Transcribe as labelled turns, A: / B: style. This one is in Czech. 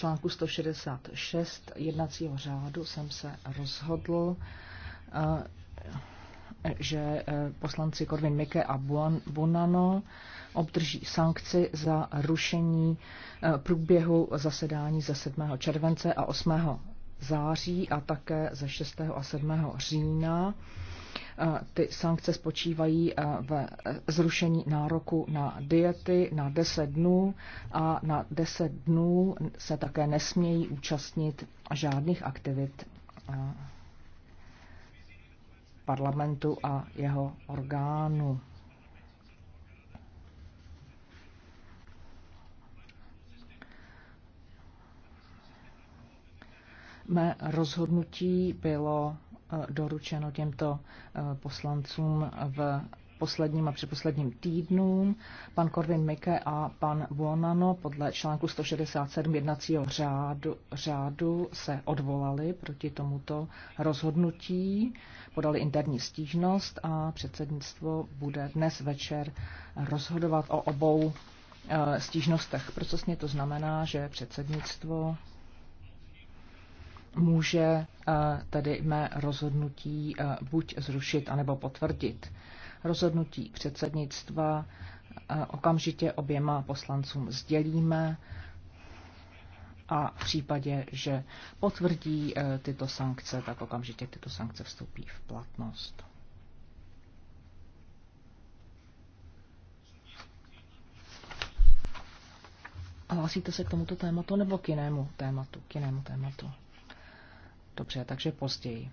A: článku 166 jednacího řádu jsem se rozhodl, eh, že eh, poslanci Korvin Mike a Bonano obdrží sankci za rušení eh, průběhu zasedání ze 7. července a 8. září a také ze 6. a 7. října. Ty sankce spočívají eh, v eh, zrušení nároku na diety na 10 dnů a na 10 dnů se také nesmějí účastnit žádných aktivit eh, parlamentu a jeho orgánu. Mé rozhodnutí bylo doručeno těmto eh, poslancům v posledním a předposledním týdnu. Pan Korvin Mike a pan Buonano podle článku 167 jednacího řádu, řádu se odvolali proti tomuto rozhodnutí, podali interní stížnost a předsednictvo bude dnes večer rozhodovat o obou eh, stížnostech. Procesně to znamená, že předsednictvo může eh, tedy mé rozhodnutí eh, buď zrušit, anebo potvrdit. Rozhodnutí předsednictva eh, okamžitě oběma poslancům sdělíme a v případě, že potvrdí tyto sankce, tak okamžitě tyto sankce vstoupí v platnost. Hlásíte se k tomuto tématu nebo k jinému tématu? K jinému tématu. Dobře, takže později.